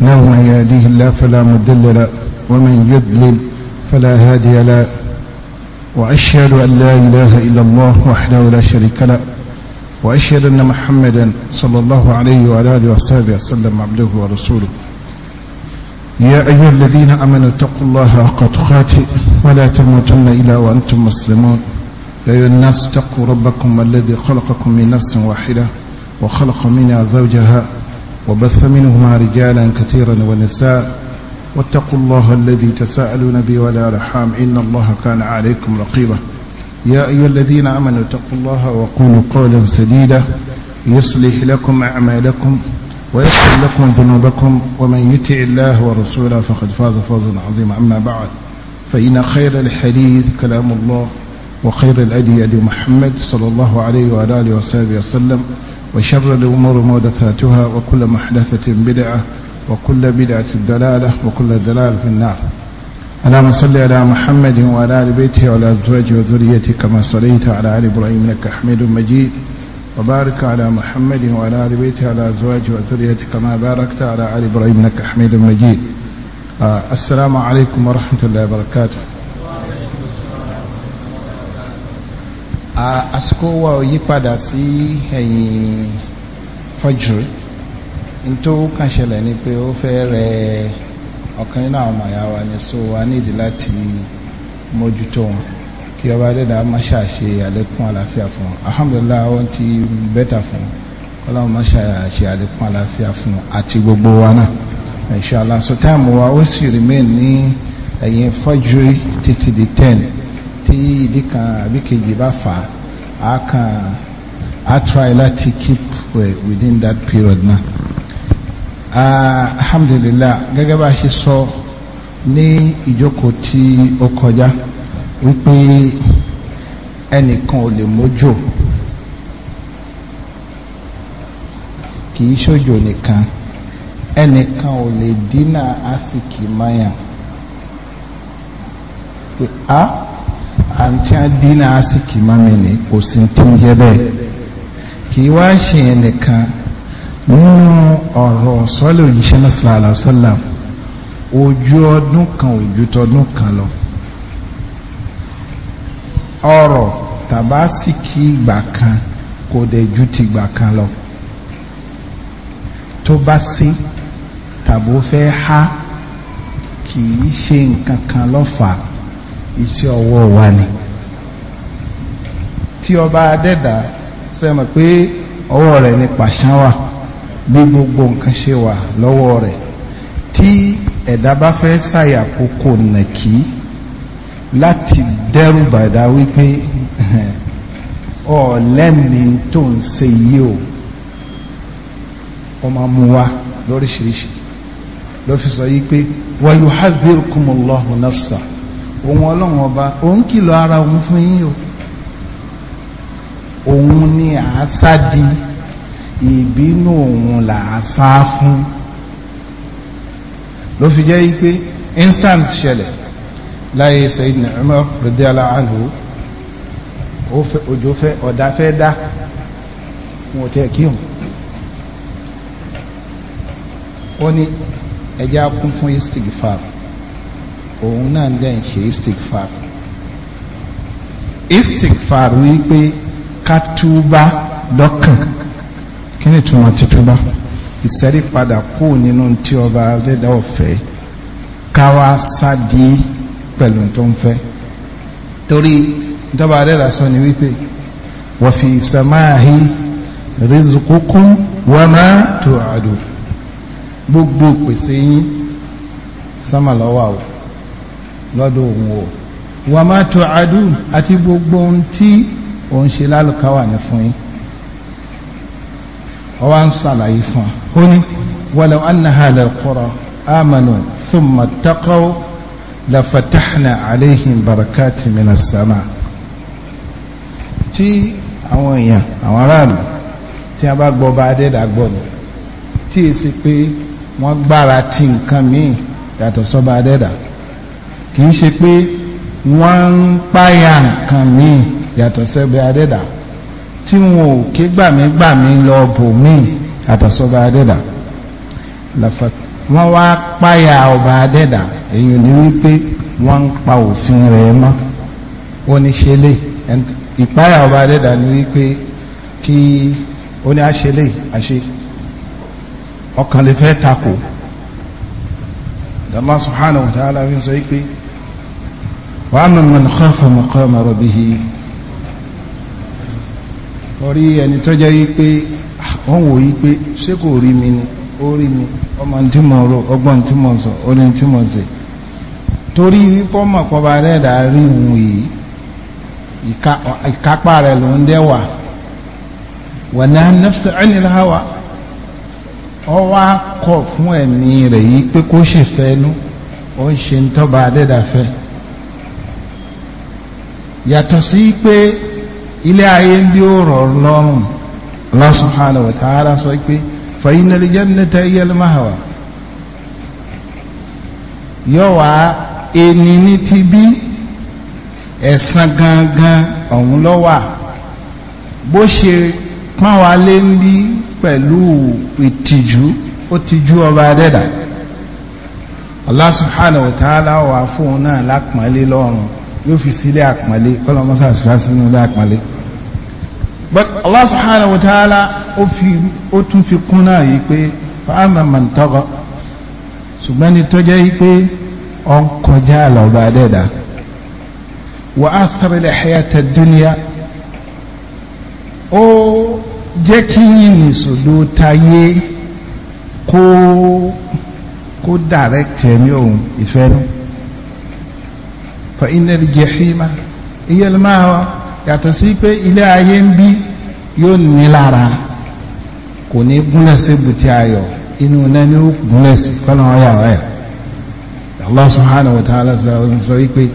إنه من يهديه الله فلا مضل له ومن يضلل فلا هادي له وأشهد أن لا إله إلا الله وحده لا شريك له وأشهد أن محمدا صلى الله عليه وعلى آله وصحبه وسلم عبده ورسوله يا أيها الذين أمنوا اتقوا الله حق تقاته ولا تموتن إلا وأنتم مسلمون يا أيها الناس اتقوا ربكم الذي خلقكم من نفس واحدة وخلق منها زوجها وبث منهما رجالا كثيرا ونساء واتقوا الله الذي تساءلون به ولا رحام إن الله كان عليكم رقيبا يا أيها الذين آمنوا اتقوا الله وقولوا قولا سديدا يصلح لكم أعمالكم ويغفر لكم ذنوبكم ومن يطع الله ورسوله فقد فاز فوزا عظيما أما بعد فإن خير الحديث كلام الله وخير الأدي أدي محمد صلى الله عليه وآله وصحبه وسلم وشر الأمور محدثاتها وكل محدثة بدعة وكل بدعة دلالة وكل دلالة في النار اللهم صل على محمد وعلى آل بيته وعلى أزواجه وذريته كما صليت على آل إبراهيم إنك حميد مجيد وبارك على محمد وعلى آل بيته وعلى أزواجه وذريته كما باركت على آل إبراهيم إنك حميد مجيد آه، السلام عليكم ورحمة الله وبركاته àsìkò wa ò yípadà sí ẹ̀yìn fọ́júrì n tó kàn ṣẹlẹ̀ ni pé ó fẹ́ rẹ ọ̀kan nínú àwọn màyà wa ni so wa nídìí láti mójútó wọn kí ọba dẹ́dà má ṣàṣe àlékún àlàáfíà fún wọn alhamdulilayi wọn ti bẹ́tà fún wọn kọ́láwọn má ṣàṣe àlékún àlàáfíà fún wọn àti gbogbo wa náà inshallah so táìmù wa ó sì remain ní ẹ̀yìn fọ́júrì títí di ten tí ìdí kan àbí kejì bá fà á kàn á try láti keep within that period náà. alhamdulillah gẹ́gẹ́ bá a ṣe sọ ní ìjókòó tí ó kọjá wípé ẹnìkan ò lè mójò kì í ṣòjò nìkan ẹnìkan ò lè dínà àsìkì mayàn a. Ah, àti àdínà àsìkì mami ni kò sí ti ń jẹ́ bẹ́ẹ̀ kì í wá ṣe yẹn nìkan nínú ọ̀rọ̀ sọ́lẹ̀ òjíṣẹ́ náà sallallahu alaihi wasallam ojú ọdún kan ojú tọdún kan lọ ọ̀rọ̀ tàbásìkì ìgbà kan kò dẹ̀ ju ti ìgbà kan lọ tó bá sí tàbó fẹ́ há kì í ṣe nǹkan kan lọ́fàá iṣẹ́ ọwọ́ wa ni tí ọba adẹ́dà sẹ́mọ̀ pé ọwọ́ rẹ̀ ni pàṣán wà bí gbogbo nǹkan ṣe wà lọ́wọ́ rẹ̀ tí ẹ̀dá bá fẹ́ ṣàyà kókó nàkí láti dẹ́rù bàdá wípé ọ̀lẹ́mi tó ń ṣe yìí o ọmọ mu wa lóríṣiríṣi ló fi sọ yìí pé wa yuhadhdhirukumullahu nafsa òun ọlọ́run ọba òun kìlọ̀ ara òun fún yín o òun ni àásá di ìbínú òun là á sá fún ló fi jẹ́ yí pé instant ṣẹlẹ̀ láyé Sayyidina Umar radiyallahu anhu òjò fẹ́ ọ̀dà fẹ́ dá wọn ò tẹ́ kí wọn. ó ní ẹja kún fún istighfar òun náà dẹ̀ ń ṣe istikfar istikfar wípé ká túbá lọ́kàn kí ni túmọ̀ títúbá ìsẹ́rí padà kú nínú tí ọba adẹ́dá ọ̀fẹ́ ká wá sádi pẹ̀lú tó ń fẹ́ torí ìjọba adẹ́dá sọ ni wípé wa sàmáàhí rizqukum wa ma tu'adu gbogbo pèsè yín sámà lọ́wọ́ àwọn lọ́dọ̀ òun o wà má tó adú àti gbogbo ohun tí òun ṣe lálùkáwà ní fún yín ọ wá ń ṣàlàyé fún ọ ní walaw anna hadha alqura amanu thumma taqaw la fatahna alayhim barakati minas sama tí àwọn èèyàn àwọn aráàlú tí a bá gbọ́ bá adẹ́dà gbọ́ ni tí èsì pé wọ́n gbára ti nǹkan míì yàtọ̀ sọ́ba adẹ́dà. So kì í ṣe pé wọ́n ń páyà nǹkan míì yàtọ̀ sẹ́gbẹ́ adẹ́dà tí wọn ò ké gbàmí gbàmí lọ bò míì yàtọ̀ sọ́gbẹ́ adẹ́dà wọ́n wá páyà ọba adẹ́dà èyí ni wípé wọ́n ń pa òfin rẹ̀ mọ́ ó ní ṣe lè ìpáyà ọba adẹ́dà ni wípé kí ó ní àṣe lè àṣe ọkàn lè fẹ́ takò Allah subhanahu wa ta'ala fi sọ wípé. وأما من خاف مقام ربه orí ẹni tó jẹ́ wípé wọ́n wò wípé ṣé kò rí mi ni ó rí mi ọmọ tí mo rò ọgbọ́n tí mo sọ orí tí mo sè torí wípé ọmọ pọba rẹ̀dà rí òun yìí ìkápá rẹ̀ ló ń dẹ́wà wà ní anáfẹ́ ẹnìláwà ọ wá kọ̀ fún ẹ̀mí rẹ̀ yìí pé kó ṣèfẹ́ nú ó ń ṣe ń tọ́ba rẹ̀dà yàtọ̀ sí pé ilé ayé ń bí ó rọ̀ lọ́rùn Allah subhanahu wa ta'ala sọ pé fa innal jannata hiya al-ma'wa yóò wá ẹni ní ti bí ẹ̀san gangan ọ̀hún lọ́wà bó ṣe pọ́n wa lé ń bí pẹ̀lú ìtìjú ó tijú ọba adẹ́dà Allah subhanahu wa wà fún un náà lápọ̀nlé yóò fi sílé àpọ́nlé kọ́lọ́ mọ́sá àṣírá sínú ilé àpọ́nlé but Allah subhanahu wa ta'ala ó fi ó tún fi kún náà yìí pé fáàmà mà ń tọrọ ṣùgbọ́n ní tọ́jọ́ yìí pé ọ ń kọjá àlọ́ba dẹ́dà wà á sọ̀rọ̀lẹ̀ hayata dúnìyà ó jẹ́ kí yìí nìṣòdo tayé kó kó direct ẹ̀mí òun ìfẹ́ náà fa innal jahima hiya al ma'wa yàtọ̀ sí pé ilé ayé ń bí yóò ní lára kò ní gúnlẹ̀ sí bùtí ayọ̀ inú náà ni ó gúnlẹ̀ sí kọ́nà ọ̀yà ọ̀yà Allah subhanahu wa ta'ala sọ wípé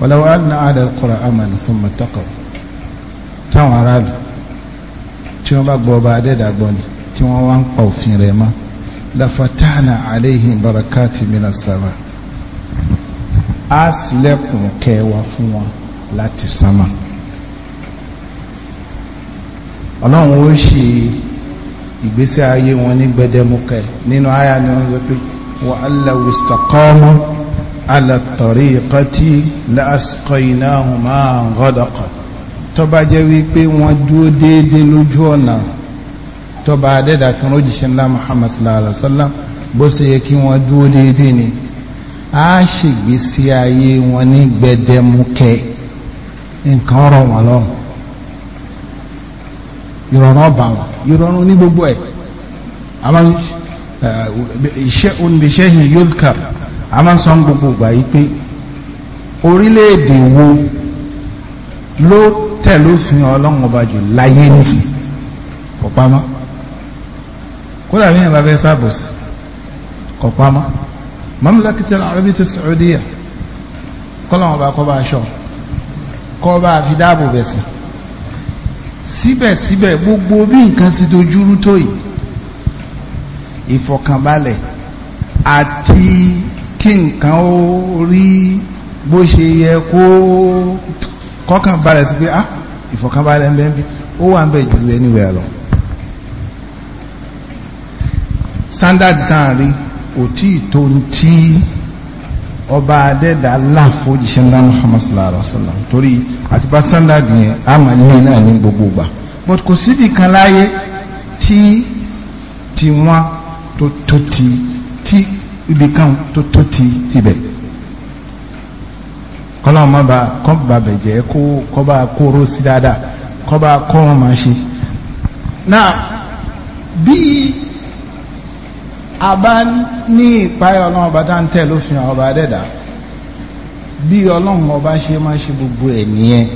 walaw anna ahla al-qura amanu thumma taqaw táwọn aráàlú tí wọ́n bá gbọ́ ọba adẹ́dàgbọ́ ni tí wọ́n wá ń pa òfin rẹ̀ mọ́ lafatahna alayhim barakati minas á ṣílẹ̀kùn kẹwàá fún wọn láti sánmà ọlọ́run ó ṣe ìgbésí ayé wọn ní gbẹdẹmukẹ nínú àyà ni wọn sọ pé wa alla wistaqamu ala tariqati la asqaynahum ma'an ghadaqa tó bá jẹ́ wípé wọ́n dúró déédéé lójú ọ̀nà tó bá adẹ́dàfin ńlá Muhammad sallallahu wa sallam bó ṣe yẹ kí wọ́n dúró déédéé ni á ṣègbésí ayé wọn ní gbẹdẹmukẹ nǹkan rọ̀ wọ́n lọ́rùn ìrọ̀rùn ọba wọn ìrọ̀rùn ní gbogbo ẹ̀ àwọn iṣẹ́ oníṣẹ́yìn yóòkàr àwọn sọ gbogbo ìgbà yìí pé orílẹ̀-èdè wo ló tẹ̀lé ọlọ́run ọba jù láyé nísìn kọ̀pamọ́ kódà bí yẹn bá fẹ́ sábòsí kọ̀pamọ́ mamlakita arabita saudiya kọ́lọ́wọ́n bá kọ́ bá aṣọ kọ́ bá fi dáàbò bẹ̀ sí síbẹ̀síbẹ̀ gbogbo bí nǹkan ti dojúrú tó yìí ìfọ̀kànbalẹ̀ àti kí nǹkan ó rí bó ṣe yẹ kó kọ́kàn balẹ̀ sí pé ah ìfọ̀kànbalẹ̀ ń bẹ ń bí ó wà ń bẹ jù anywhere lọ standard tá à ń rí kò tí ì tó ń tí ọba adẹ́dà là fojìṣẹ́ ńlá muhammad sallallahu alaihi wa sallam torí àti bá standard yẹn a máa ní náà ní gbogbo gbà but kò síbi kan láyé tí tí tó tó ti tí ibi kan tó tó ti tibẹ̀ kọ́lá ọmọ bá kọ́ bá bẹ̀jẹ̀ kó kọ́ bá kóró sí dáadáa kọ́ bá kọ́ wọn máa ṣe náà bíi àbá ní ìpáyọ̀ ọlọ́run ọba tá ń tẹ̀ lófin ọba dẹ́dà bí ọlọ́run ọba ṣe máa ṣe gbogbo ẹ̀ nìyẹn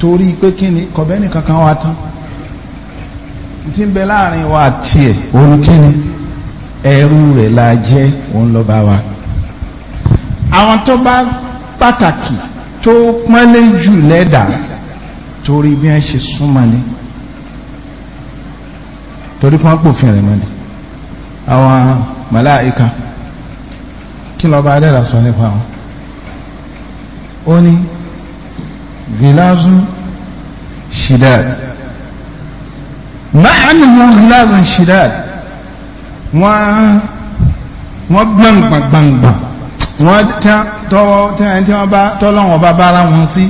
torí pé kí ni kọ̀bẹ́nì kankan wa tán tí ń bẹ láàrin wa tiẹ̀ òun kí ni ẹrú rẹ̀ la jẹ́ òun lọ́ba wa àwọn tó bá pàtàkì tó pọ́nlé jù lẹ́dà torí bí wọ́n ṣe súnmọ́ ni torí kí pòfin rẹ̀ mọ́ ni àwọn màláìka kí lọ́ba adẹ́rà sọ nípa wọn ó ní gíláàzù shidad máa nìyàn gíláàzù shidad wọ́n wọ́n gbàngbàngbàngbà wọ́n tọ́wọ́ tí wọ́n bá tọ́lọ́wọ́n bá bára wọn sí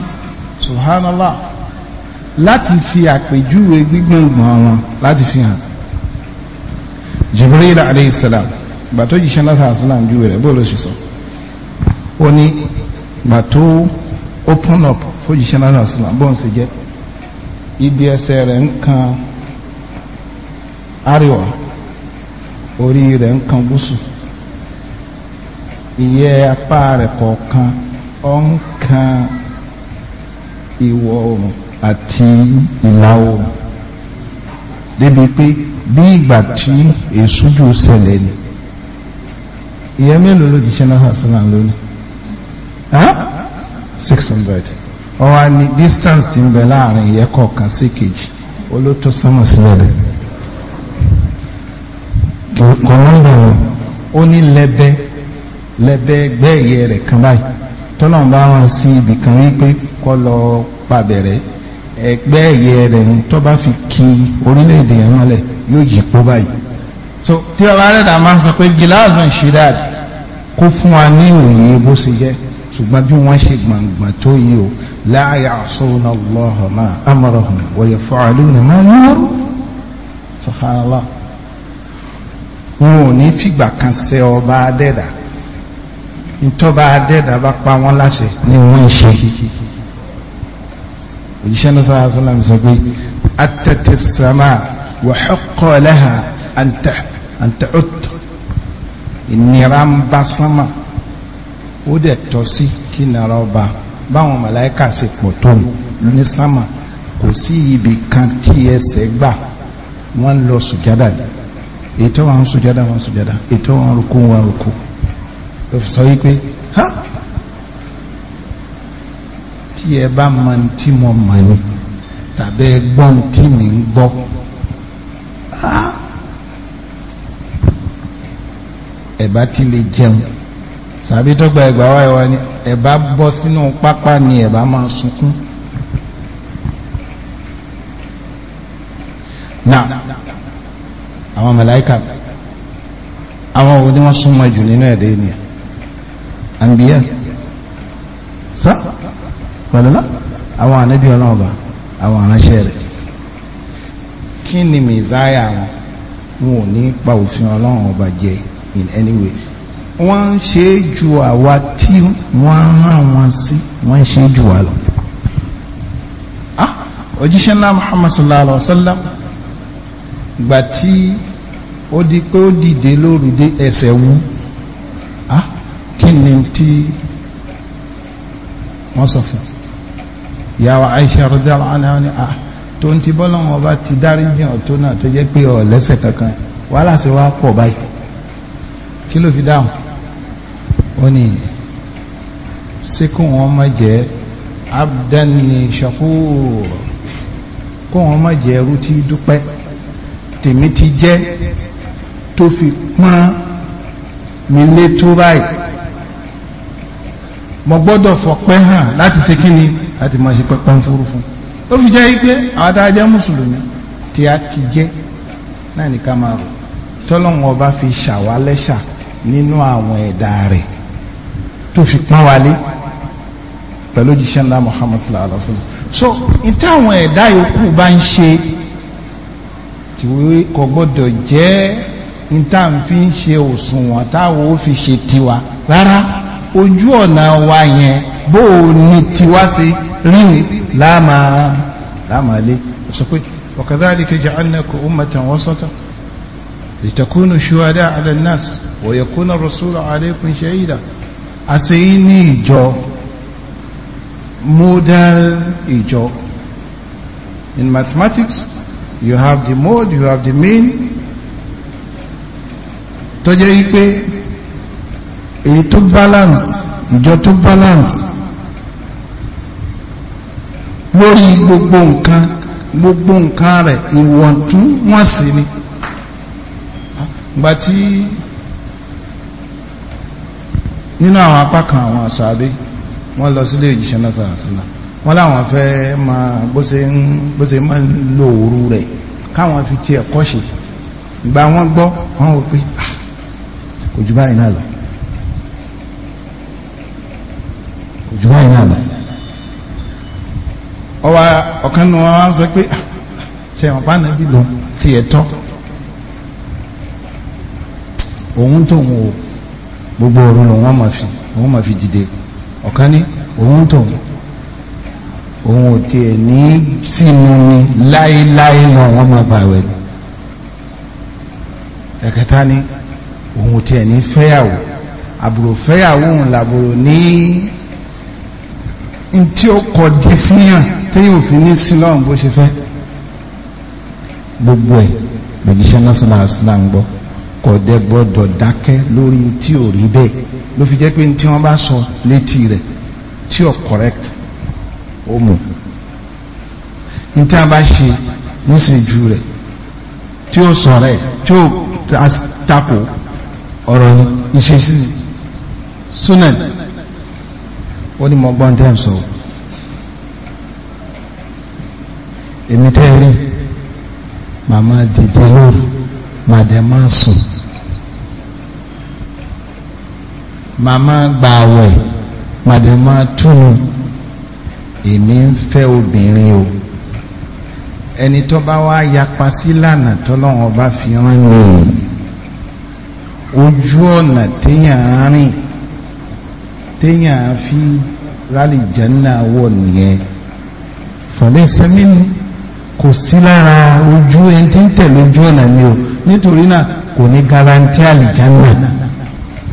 subhanallah láti fi àpèjúwe gbígbàngbàn wọn láti fi hàn jibril alayhi salam gbàtó jíṣẹ́ lásán aslam ju rẹ̀ bó ló ṣe sọ ó ní gbàtó open up fún jíṣẹ́ lásán aslam bó ń ṣe jẹ́ ibi ẹsẹ̀ rẹ̀ ń kan àríwá orí rẹ̀ ń kan gúúsù ìyẹ́ apá rẹ̀ kọ̀ọ̀kan ó ń kan ìwọ̀ oòrùn àti ìlà oòrùn débi pé bí ìgbà tí èsújú ṣẹlẹ̀ ni ìyẹn mélòó ló di ṣe náà sọ́nà lónìí six hundred wọ́n wá distance ti ń bẹ láàrin ìyẹn kọ̀ọ̀kan sí kejì olótó sánmà sílẹ̀ rẹ̀ kò nọ́mbà wọn ó ní lẹ́bẹ́ lẹ́bẹ́ ẹgbẹ́ ẹ̀yẹ rẹ̀ kan báyìí tọ́lọ́n bá wọn sí ibì kan wípé kọ́ lọ pàbẹ̀rẹ̀ ẹgbẹ́ rẹ̀ ń tọ́ bá fi ki orílẹ̀-èdè yẹn mọ́lẹ̀ yóò yí po báyìí so tí ọba rẹ̀dà máa sọ pé gíláàsì ń ṣe dáadáa kó fún wa ní òye bó ṣe jẹ́ ṣùgbọ́n bí wọ́n ṣe gbàngbàn tó yí o la ya'suna Allaha ma amarahum wa yaf'aluna ma yu'maru subhanallah wọn ò ní fìgbà kan ṣe ọba adẹ́dà ntọ́ba adẹ́dà bá pa wọ́n láṣẹ ni wọ́n ń ṣe òjíṣẹ́ náà sọ́ra sọ́ra mi sọ pé atẹ́tẹ́ sàmáà. وحق لها أن أن تعد ìnira ń bá sánmà ó dẹ̀ tọ́ sí kí nara ọba báwọn màláìka ṣe pọ̀ tó ní sánmà kò sí ibì kan tí ẹsẹ̀ gbà wọ́n lọ sùjádà ètò wọn sùjádà wọn sùjádà ètò wọn rúkú wọn rúkú ló fi sọ wípé ha tí ẹ bá mọ tí mo mọ ni tàbí ẹ gbọ́n tí mi ń gbọ́. ẹ̀bá ti lè jẹun sàbí tó gba ẹ̀gbà wáyé wa ni ẹ̀bá bọ́ sínú pápá ni ẹ̀bá máa sunkún. náà àwọn màláíkà àwọn wo ni wọ́n súnmọ́ jù nínú ẹ̀dẹ́ ènìyàn àǹbíyà sá pàdánù àwọn ànábì ọlọ́run ọba àwọn aránṣẹ́ rẹ̀ kí ni mìzáyà wọn wọn ò ní pa òfin ọlọ́run jẹ́ yìí in any way wọ́n ń ṣe é ju àwa tí wọ́n rán wọn sí wọ́n ń ṣe é ju wa lọ. Ah, òjíṣẹ́ ńlá muhammad sallallahu alayhi wa sallam ìgbà tí ó di pé ó dìde lóru dé ẹsẹ̀ wú ah, kí ni tí wọ́n sọ fún yàwó aisha radhiyallahu anha ni ah tó ń ti bọ́lọ́wọ́n ọba ti dárí jìn ọ̀tún náà tó jẹ́ pé ọ̀ lẹ́sẹ̀ kankan wàhálà sí wa pọ̀ báyìí kí ló fi dáhùn ó ní ṣé kó wọn má jẹ abdani shakur kó wọn má jẹ ẹrú tí dúpẹ́ tèmi ti jẹ́ tó fi pọ́n mi lé tó báyìí mo gbọ́dọ̀ fọpẹ́ hàn láti ṣe kí ni láti máa ṣe pẹ́pẹ́ ń ó fi jẹ́ pé àwọn tá a jẹ́ mùsùlùmí tí a ti jẹ́ náà ní ká máa rò tọ́lọ́hún ọba fi ṣàwálẹ́ṣà nínú àwọn ẹ̀dá rẹ̀ tó fi pọ́n wálé pẹ̀lú jíṣẹ́ ńlá Muhammad sallallahu alaihi wa sallam so n táwọn ẹ̀dá yòókù bá ń ṣe kìwé kò gbọ́dọ̀ jẹ́ n tá n fi ń ṣe òṣùwọ̀n táwọn ó fi ṣe tiwa rárá ojú ọ̀nà wa yẹn bó o ní tiwa sí rí ni láàmà láàmà lé sọ pé wa kadhalika ja'alnakum ummatan wasata litakunu shuhada على الناس ويكون الرسول rasulu alaykum shahida àṣeyí ní ìjọ modal in mathematics you have the mode you have the mean tó jẹ́ wípé èyí tó balance ìjọ tó balance lórí gbogbo nǹkan gbogbo nǹkan rẹ̀ ìwọ̀ntúnwọ̀nsì ni ìgbà tí nínú àwọn apá kan àwọn àṣàbí wọ́n lọ sílé ìjíṣẹ́ lásàrà sílá wọ́n láwọn fẹ́ ma bó ṣe ń bó ṣe máa ń lo òru rẹ̀ káwọn fi tiẹ̀ kọ́ṣe ìgbà wọ́n gbọ́ wọ́n wò pé ah, kò jù báyìí náà lọ kò jù báyìí náà lọ ọwọ́ ọ̀kan nu wọn sọ pé ah, ṣe wọn pa nàbí lọ tiẹ̀ tọ́ òun tóun o gbogbo òru lòun wọn máa fi òun máa fi dìde ọ̀kan ní òun tóun òun ò tiẹ̀ ní sínú ni láéláé náà wọ́n máa bá wẹ̀ ni ẹ̀kẹta ní òun ò tiẹ̀ ní fẹ́yàwó àbúrò fẹ́yàwó òun làbúrò ní ntí ó kọ di fún yàn téyàn ò fi ní sílọ́ọ̀n bó ṣe fẹ́ gbogbo ẹ̀ lòdì sẹ́nà sọ́nà àṣìlá ń gbọ́ kò dẹ gbọ́dọ̀ dákẹ́ lórí tí ò rí bẹ́ẹ̀ ló fi jẹ́ pé tí wọ́n bá sọ létí rẹ̀ tí ò correct ó mú ní tí a bá ṣe níṣẹ́jú rẹ̀ tí ó sọ rẹ̀ tí ó takò ọ̀rọ̀ ni ìṣesí sunan ó ní mo gbọ́n tẹ́ ń sọ èmi tẹ́ rí màmá dìde lóru màdẹ máa sùn màmá gbààwẹ̀ màdẹ máa túnu èmi ń fẹ́ obìnrin o ẹni tó bá wá yapa sí lànà tọ́lọ́wọ́n bá fi rán mi ojú ọ̀nà téèyàn rìn téèyàn fi rálì jẹ́nà wọ̀ nìyẹn fọlẹ́sẹ̀mí kò sí lára ojú ẹni tí ń tẹ̀lé ojú ọ̀nà mi o nítorí náà kò ní garanti àlìjánà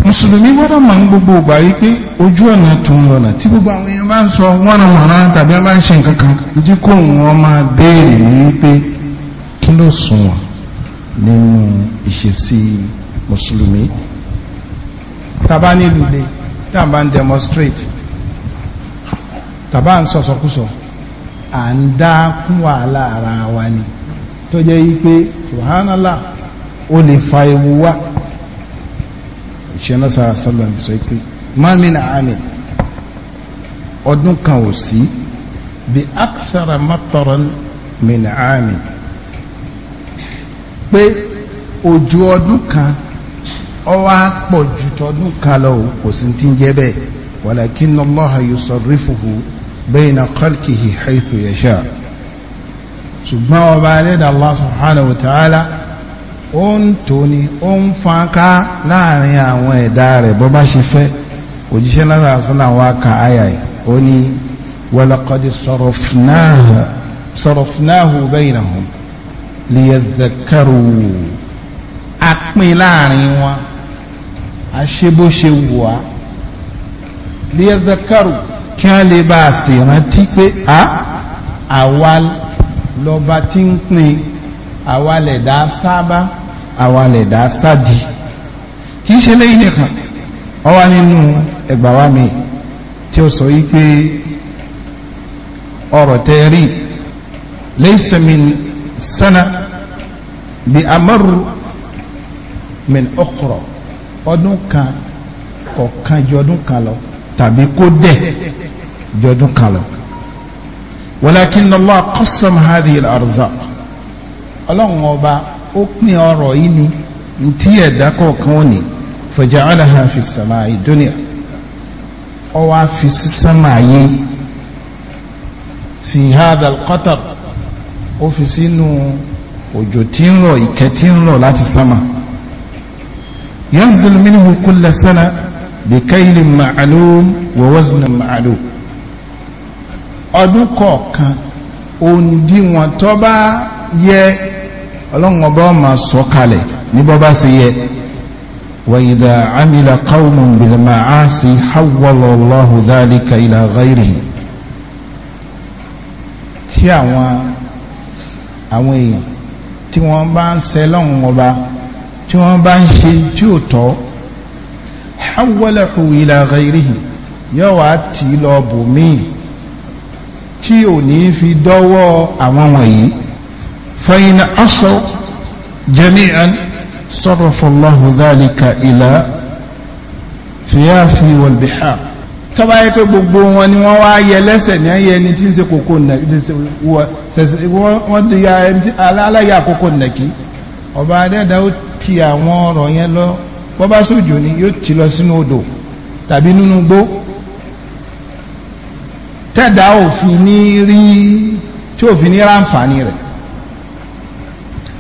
mùsùlùmí gbọ́dọ̀ máa ń gbogbo ìgbà wípé ojú ọ̀nà tó ń lọ́nà tí gbogbo àwọn èèyàn bá ń sọ wọ́nàwọ̀nà tàbí wọ́n bá ń ṣe nǹkan kan jí kó wọn máa béèrè wípé kí ló sunwọ̀n nínú ìṣesí mùsùlùmí tàbá nílùú ilé tàbá ń demonstrate tàbá ń sọ̀sọ̀kúsọ à ń dá kún wàhálà ara wa ni tó jẹ́ wípé subhanallah ó lè fa ewu wá ìṣẹ́nà sàlám sọ pé mamina ami ọdún kan ò sí bí akthara mataran min ami pé òjò ọdún kan ó wá pọ̀ ju tọdún kan lọ kò sí ti ń jẹ́ bẹ́ẹ̀ walakin allaha yusarrifuhu bayna khalqihi haythu yasha ṣùgbọ́n ọba alẹ́dàá allah subhanahu wa ta'ala ó ń tóni ó ń fan ká láàrin àwọn ẹ̀dá rẹ̀ bó bá ṣe fẹ́ òjíṣẹ́ lára àṣálà wa ka àyà yìí ó ní wàlàkọ́dé sọ̀rọ̀fúnáhù baynahum liyadhakkaru a pín láàrin wọn a ṣe bó ṣe wù wá liyadhakkaru kí wọ́n lè bá a sì pé a ah, àwa lọ́ba tí ń pín àwa lè dá sábà àwa lè dá sádi kì í ṣe léyìn nìkan ó wà nínú ẹgbà wa mi tí ó sọ yìí pé ọ̀rọ̀ tẹ́ rí laysa min bí amaru min okoro ọdún kan kọ̀ọ̀kan jọdún kan lọ tàbí kó dẹ̀ jọdún kan lọ walakin Allah qasam hadhihi al ọlọ́run ọba ó pín ọrọ̀ yìí ni ntí ẹ̀dá kọ̀ọ̀kan ó ní faja'alaha fi sama'i dunya ó wá fi sí sánmà yìí fi hadha al-qatar ó fi sínú òjò tí ń rọ̀ ìkẹ́ tí ń rọ̀ láti sánmà yanzil minhu kulla sana bi kaylin ma'lum wa waznin ma'lum ọdún kọ̀ọ̀kan òǹdíwọ̀n tó yẹ ọlọ́run ọba máa sọ kalẹ̀ ní bọ́ bá ṣe yẹ. وإذا عمل قوم بالمعاصي حول الله ذلك إلى غيره tí àwọn àwọn èèyàn tí wọ́n bá ń ṣe lọ́hùn ọba tí wọ́n bá ń ṣe tí ò tọ́ حوله إلى غيره yóò wá tì í lọ bòmíì tí ò ní fi dọ́wọ́ àwọn wọ̀nyí. فإن عصوا جميعا صرف الله ذلك إلى فياف والبحار tọ́ba yẹ pé gbogbo wọn ni wọ́n wá yẹ lẹ́sẹ̀ ní ayé ẹni tí ń ṣe kókó nàkí wọ́n di aláyà àkókò nàkí ọba adẹ́dá ti àwọn ọ̀rọ̀ yẹn lọ bọ́bá sójò ni yóò ti lọ sínú odò tàbí nínú gbó tẹ́dá òfin ní rí tí òfin ní ráǹfààní rẹ̀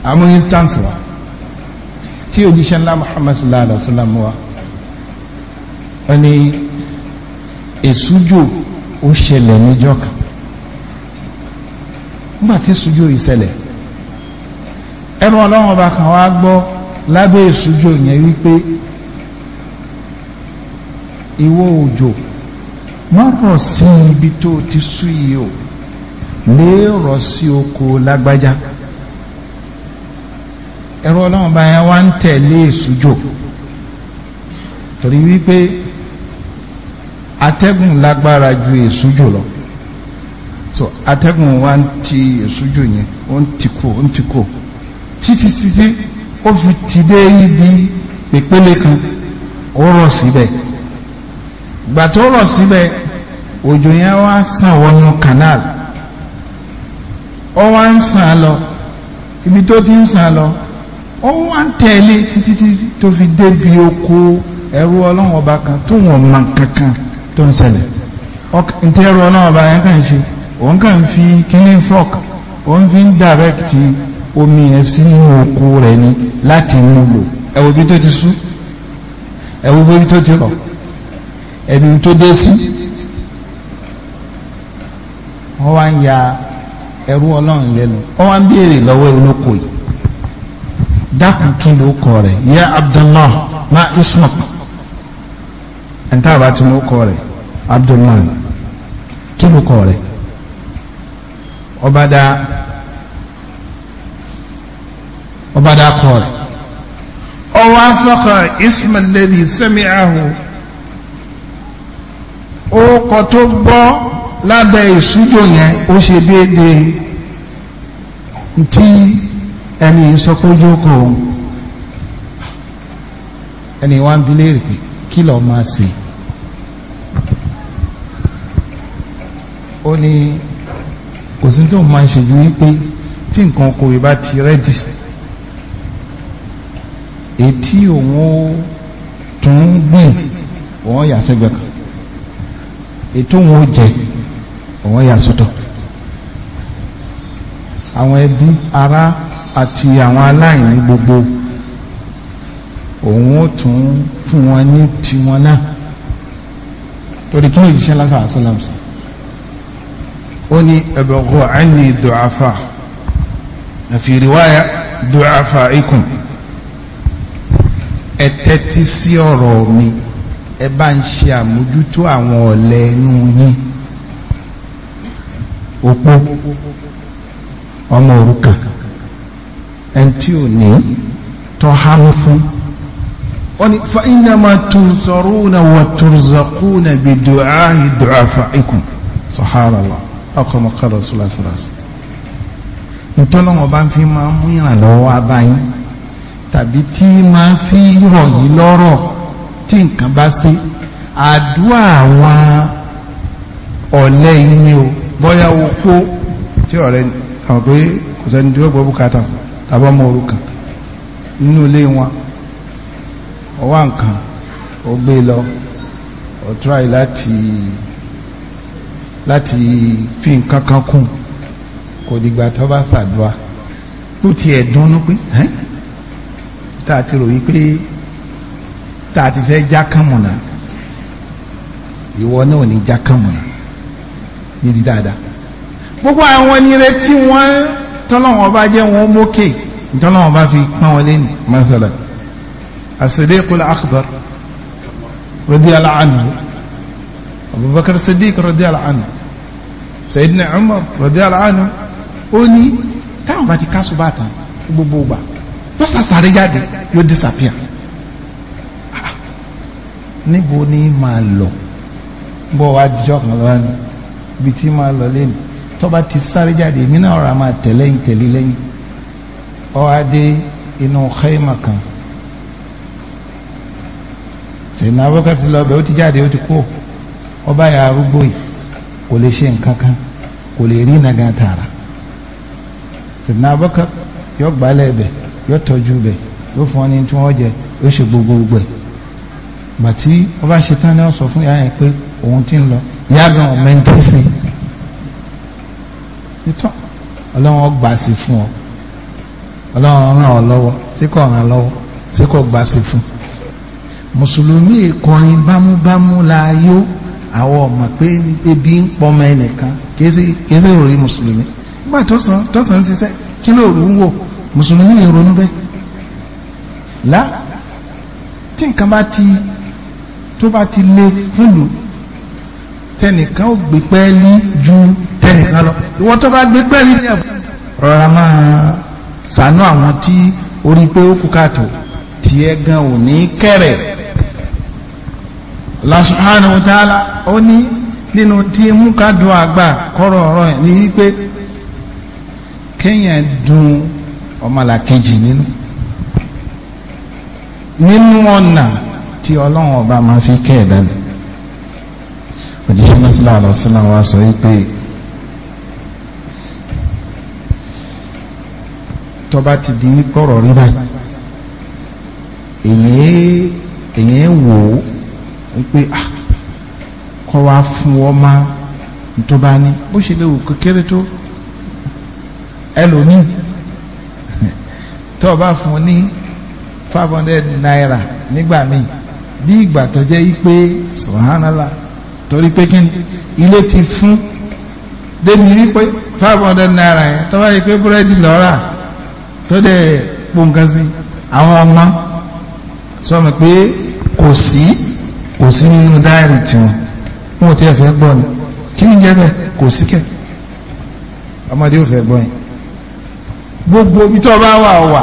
àmú instance wa tí òjíṣẹ́ ńlá Muhammad sallallahu alaihi wa sallam wa wọ́n ní èsújò ó ṣẹlẹ̀ níjọ́ kan nígbà tí èsújò yìí ṣẹlẹ̀ ẹnu ọlọ́run ọba kan wá gbọ́ lábẹ́ èsújò yẹn wípé ìwọ òjò má rọ̀ sí ibi tó ti sú yìí o lè rọ̀ sí oko lágbájá. La ẹ̀rọ ọlọ́run bá yẹn wá ń tẹ̀lé ìsújò torí wípé atẹ́gùn lágbára ju ìsújò lọ so atẹ́gùn wá ń ti ìsújò yẹn ó ń ti kò ó ń ti kò títí títí ó fi ti dé ibi ìpele kan ó rọ̀ síbẹ̀ gbà tó rọ̀ síbẹ̀ òjò yẹn wá ṣàwọnú canal ó wá ń sàn lọ ibi tó ti ń sàn lọ ó wá ń tẹ̀lé títí títí tó fi débi oko ẹrú ọlọ́run ọba kan tó wọ́n mọ kankan tó ń ṣẹlẹ̀ ntẹ́ ẹrú ọlọ́run ọba yẹn kàn ṣe òun kàn fi kíní fork òun fi ń direct omi yẹn sínú oko rẹ̀ ni láti mú lò ẹ̀wọ̀n bí tó ti sú ẹ̀wọ̀n bí tó ti rọ̀ ẹ̀bí tó dé sí wọ́n wá ń ya ẹrú ọlọ́run lẹ́nu wọ́n wá ń béèrè lọ́wọ́ olóko yìí dákun kí ló kọ rẹ̀ yẹ abdullah ma isma ẹ̀ńtà àbá tí mo kọ rẹ̀ abdullah kí ló kọ kọ ọwọ́ isma lẹ́ni sẹ́mi ahu ó kọ tó gbọ́ lábẹ́ nye yẹn ó ṣe déédéé ntí. ẹni sọ pé ojú oko òun ẹni wá ń bi léèrè pé kí lọ máa ṣe ó ní kò sí tó máa ń ṣe wípé tí nǹkan oko yìí bá ti rẹ́dì ètí òun ó tún gbìn òun yà sẹ́gbẹ̀ẹ́ kan ètò òun ó jẹ òun yà sọ́tọ̀ àwọn ẹbí ará àti àwọn aláìní gbogbo òun ó tún fún wọn ní tiwọn náà torí kí ni ìjíṣẹ́ lásán àṣọlámsì ó ní ẹ̀bẹ̀kọ́ àìní dùáfà nàfi rìwáyà dùáfà ikùn ẹ tẹ́tí sí ọ̀rọ̀ mi ẹ bá ń ṣe àmójútó àwọn ọ̀lẹ inú yín opó ọmọ òrukàn ẹni tí ò ní tọ́ hánú fún wọ́n ni fa innama tunsaruna wa turzaquna bi du'ahi du'afaikum subhanallah ọkọ̀ mọ̀kàlọ̀ sọ́lásọ́lásọ́ ìtọ́lọ́wọ́ bá fi máa mú ìrànlọ́wọ́ abáyín tàbí tí máa fi rọ̀ yìí lọ́rọ̀ tí nǹkan bá sí àdúrà àwọn ọ̀lẹ́ yìí ni o bọ́yá oko tí ọ̀rẹ́ àwọn kò sẹ́ni tí gbọ́ bùkátà fún tàbá mọ òrukàn nínú ilé wọn ọwá nǹkan ó gbé e lọ ó try láti láti fi nǹkan kan kún kò dìgbà tó bá ṣàdúrà bó tiẹ̀ dunnú pé tá a ti ròyìn pé tá a ti fẹ́ já kàmùnà ìwọ náà ní já kàmùnà níbi dáadáa gbogbo àwọn ẹni rẹ tí tọ́lọ́wọ́n bá jẹ́ wọn mókè tọ́lọ́wọ́n bá fi pọ́n wọn lẹ́nu masala as-Siddiqul Akbar radiyallahu anhu Abubakar Siddiq radiyallahu anhu Sayyidina Umar radiyallahu anhu ó ní táwọn bá ti kásù bá tán gbogbo gbà yóò sàsàrè jáde yóò disappear ah, níbo ni máa lọ bọ́ wa dijọ́ kan lọ́wọ́ ni ibi máa lọ lẹ́nu tọ́ba ti sáré jáde èmi náà ọ̀rọ̀ máa tẹ̀ lẹ́yìn tẹ̀lé lẹ́yìn ọ̀hádé inú xẹ́yìmà kan sẹ̀yìn abọ́kà ti lọ bẹ̀ ó ti jáde ó ti kú ọba yà arúgbó yìí kò lè ṣe nǹkan kan kò lè rí nàgà tààrà sẹ̀yìn abọ́kà yọ gbalẹ̀ bẹ̀ yọ tọ́jú bẹ̀ yọ fún ọ ní tí wọ́n jẹ yọ ṣe gbogbo gbẹ̀ gbàtí ọba ṣetán ni wọ́n sọ fún yàrá yẹn pé òun ti ń lọ yàgàn ọ̀mẹ́ntẹ́sìn nítọ́ ọlọ́run ó gbà sí fún ọ ọlọ́run ràn ọ́ lọ́wọ́ sí kò ràn lọ́wọ́ sí kò gbà sí fún mùsùlùmí ìkọrin bámúbámú la yó àwọn ọmọ pé ebi ń pọmọ ẹnìkan kìí ṣe ìròyìn mùsùlùmí nígbà tọ́sán tọ́sán ṣiṣẹ́ kí ló rú ń wò mùsùlùmí ìrònú bẹ́ẹ̀ lá tí nǹkan bá ti tó bá ti le fúlù tẹnìkan ó gbé pẹ́ẹ́lí ju tẹnìkan lọ ìwọ tó bá gbé pẹ́ẹ́lí ní ẹ̀fọ́ rọra máa sànú àwọn tí orí pé ó kú káàtó tiẹ̀ gan ò ní kẹ̀rẹ̀ Allah subhanahu wa ta'ala ó ní nínú tí mú ká dùn àgbà kọ́rọ̀ ọ̀rọ̀ ẹ̀ ní wípé kéèyàn dùn ọmọlàkejì nínú nínú ọ̀nà tí ọlọ́run ọba máa fi kẹ́ ẹ̀dá lẹ̀ òjíṣẹ́ náà sílẹ̀ àlọ́sílẹ̀ wa sọ wípé. tọ́ba ti di kọ̀rọ̀ rí báyìí èyí èyí wò ó wípé ah kọ́ wa fún ọ ma tó bá bó ṣe léwu kékeré tó ẹlòmíì tó bá fún ní five hundred naira nígbà míì bí ìgbà tó jẹ́ wípé subhanallah torí pé kí ni ilé ti fún débi wípé five hundred naira yẹn tó bá yẹ pé búrẹ́dì lọ́ra tó dẹ̀ pọ̀nkan sí àwọn ọmọ sọmọ pé kò sí kò sí nínú dáìrì tiwọn wọn ò tí ẹ fẹ́ gbọ́ ni kí ni jẹ́ bẹ́ẹ̀ kò sí kẹ̀ ọmọdé ò fẹ́ gbọ́ yìí gbogbo ibi tó bá wà wà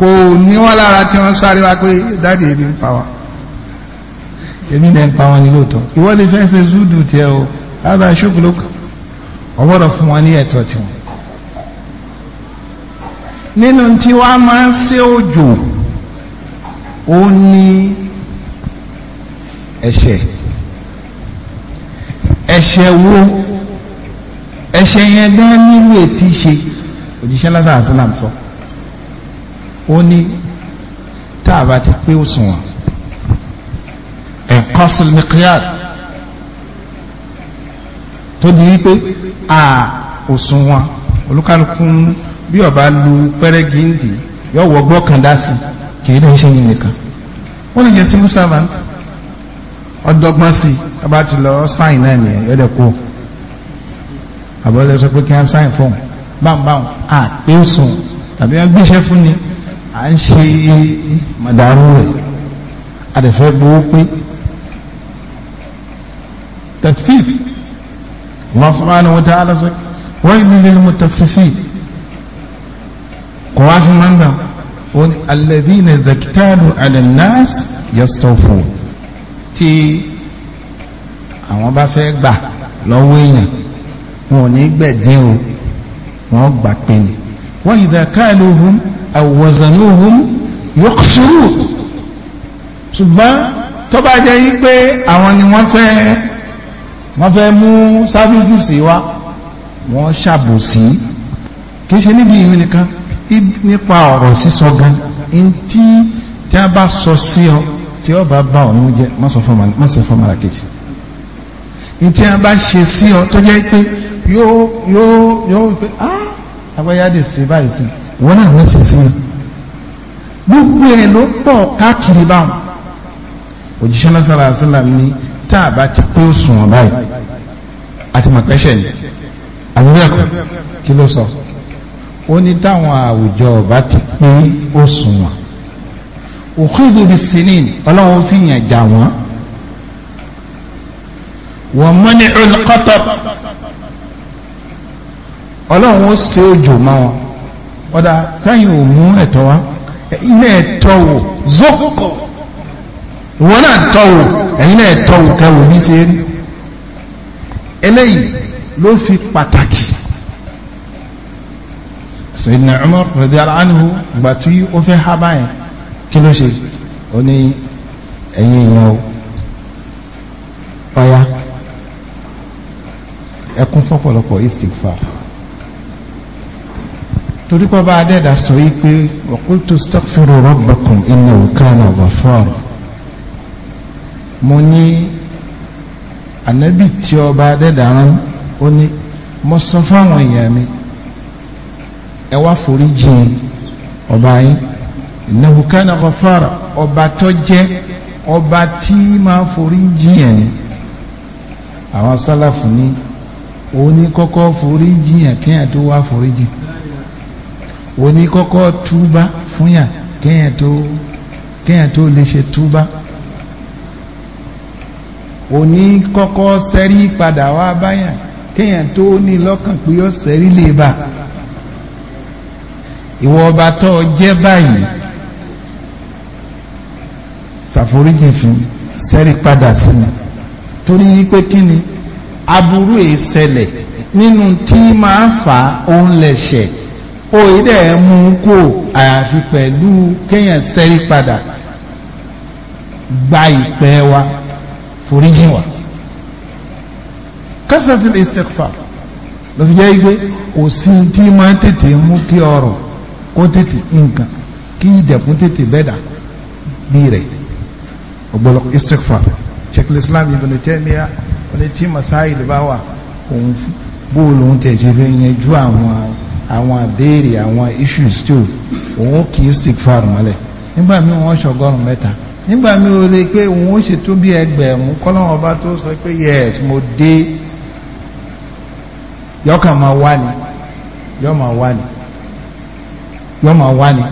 kò ní wọn lára tí wọn sáré wá pé dáàdi èmi ń pa wá èmi náà ń pa wọn ní lóòótọ́ ìwọ́n lè zúdù tiẹ̀ o ádà ṣókòlókò ọ̀wọ́dọ̀ fún wọn ní ẹ̀tọ́ tiwọn nínú tí wàá máa ń ṣe òjò ó ní ẹ̀ṣẹ̀ ẹ̀ṣẹ̀ wo ẹ̀ṣẹ̀ yẹn gan nílò ètí ṣe òjíṣẹ́ lásán àṣìlám sọ ó ní tá a bá ti pé òṣùwọ̀n ẹ̀kọ́ sọlmìkíyàd tó di wípé a òṣùwọ̀n olúkálùkù ń bí ọba lu pẹ́rẹ́gì ń dì yọ wọ gbọ́kànlá sí kì í dẹ̀ ṣe yìí nìkan wọ́n lè jẹ́ civil servant ọdọ́gbọ́n sí ọba ti lọ sáìn náà nìyẹn yọ́dẹ̀ kú àbọ̀lẹ̀ sọ pé kí wọ́n sáìn fún un báńbáwọn àpé sùn tàbí wọ́n gbéṣẹ́ fún ni à ń ṣe màdàrú rẹ̀ àdẹ̀fẹ́ gbowó pé thirty five wọ́n sọ wọn ni wọ́n ta á sọ wọ́n yìí nílé ni mo tẹ̀ fífi kò wá sí máa ń gbà ó ní alladhina dhaktalu ala nnas yastawfu tí àwọn bá fẹ́ gbà lọ́wọ́ èèyàn wọn ò ní gbẹ̀dín o wọn gbà pé ni wa idha kaluhum aw wazanuhum ṣùgbọ́n tó jẹ́ yí pé àwọn ni wọ́n fẹ́ wọ́n fẹ́ mú sáfíìsì sí wa wọ́n ṣàbòsí kì í ṣe níbi ìrìn nìkan nípa ọ̀rọ̀ sísọ gan ntí tí a bá sọ sí ọ tí ọba bá ọ̀run jẹ má sọ fún ọmọ làkejì ntí a bá ṣe sí ọ tó jẹ́ pé yóò yóò yóò pé ah agbẹ́yàdè sí báyìí sí wọn náà ló ṣe sí i gbogbo ẹ̀ ló pọ̀ káàkiri báwọn òjíṣẹ́ náà sọ̀rọ̀ àṣìlá ní tá a bá ti pé òṣùwọ̀n báyìí àti màpẹ́ṣẹ̀ ni àbúrò ẹ̀kọ́ kí ló sọ ó ní táwọn àwùjọ ọba ti pé ó sunwọ̀n òkúdù bí sinin ọlọ́run fi yàn jà wọ́n wọ́n mọ́ni olùkọ́tọ̀ ọlọ́run ó ṣe òjò mọ́ wọn ọ̀dà sẹ́yìn ò mú ẹ̀tọ́ wa ilé ẹ̀tọ́ wò zókò wọn náà tọ́ wò ẹ̀yin náà tọ́ wò kẹwò ní ṣe é eléyìí ló fi pàtàkì Sayyidina Umar radiyallahu anhu ìgbà tí ó fẹ́ há báyìí kí ló ṣe ó ní ẹ̀yin èèyàn o ọ̀yá ẹkún fọ́pọ̀lọpọ̀ istighfar torí pé ọba adẹ́dà sọ yìí pé wa qultu astaghfiru rabbakum innahu kana ghaffara mo ní ànábì tí ọba adẹ́dà rán ó ní mo sọ fáwọn èèyàn mi ẹ wá forí jìn ọba yín innahu kana ghafara ọba tó jẹ́ ọba tí máa forí jìn yẹn ni àwọn sálàfù ní òní kọ́kọ́ forí jìn yẹn kéèyàn tó wá forí jìn òní kọ́kọ́ túbá fún yàn kéèyàn tó kéèyàn tó lè ṣe túbá òní kọ́kọ́ sẹ́rí padà wá báyà kéèyàn tó ní lọ́kàn pé ó sẹ́rí lè bá ìwọ ọba tó jẹ́ báyìí ṣàforíjì fún sẹ́rí padà sí mi torí wípé kí ni aburú ìṣẹ̀lẹ̀ nínú tí máa fà á òun lẹ̀ṣẹ̀ òye dẹ̀ mú kó àyàfi pẹ̀lú kéèyàn sẹ́rí padà gba ìpẹ́ wa foríjì wa kásìtì lè ṣèkfà lọ́fíjẹ́ igbe kò sí tí máa tètè mú kí ọrọ̀ kó tètè nǹkan kí ìdẹ̀kùn tètè bẹ́dà bí rẹ̀ ọ̀gbọ́lọ́ istighfar sheikh islam ibn taymiya oní tí masáyìlì bá wà òun bó lòun tẹ̀ ṣe fẹ́ yanjú àwọn àwọn àbéèrè àwọn issues tí ò òun kì í istighfar mọ́lẹ̀ nígbà míì wọ́n ṣọgọ́rùn mẹ́ta nígbà míì ó lè pé òun ó ṣètò bí ẹgbẹ̀rún kọ́lọ́wọ́n bá tó sọ pé yes mo dé yọkàn máa wá ni yọ máa wá ni yọ máa wá ni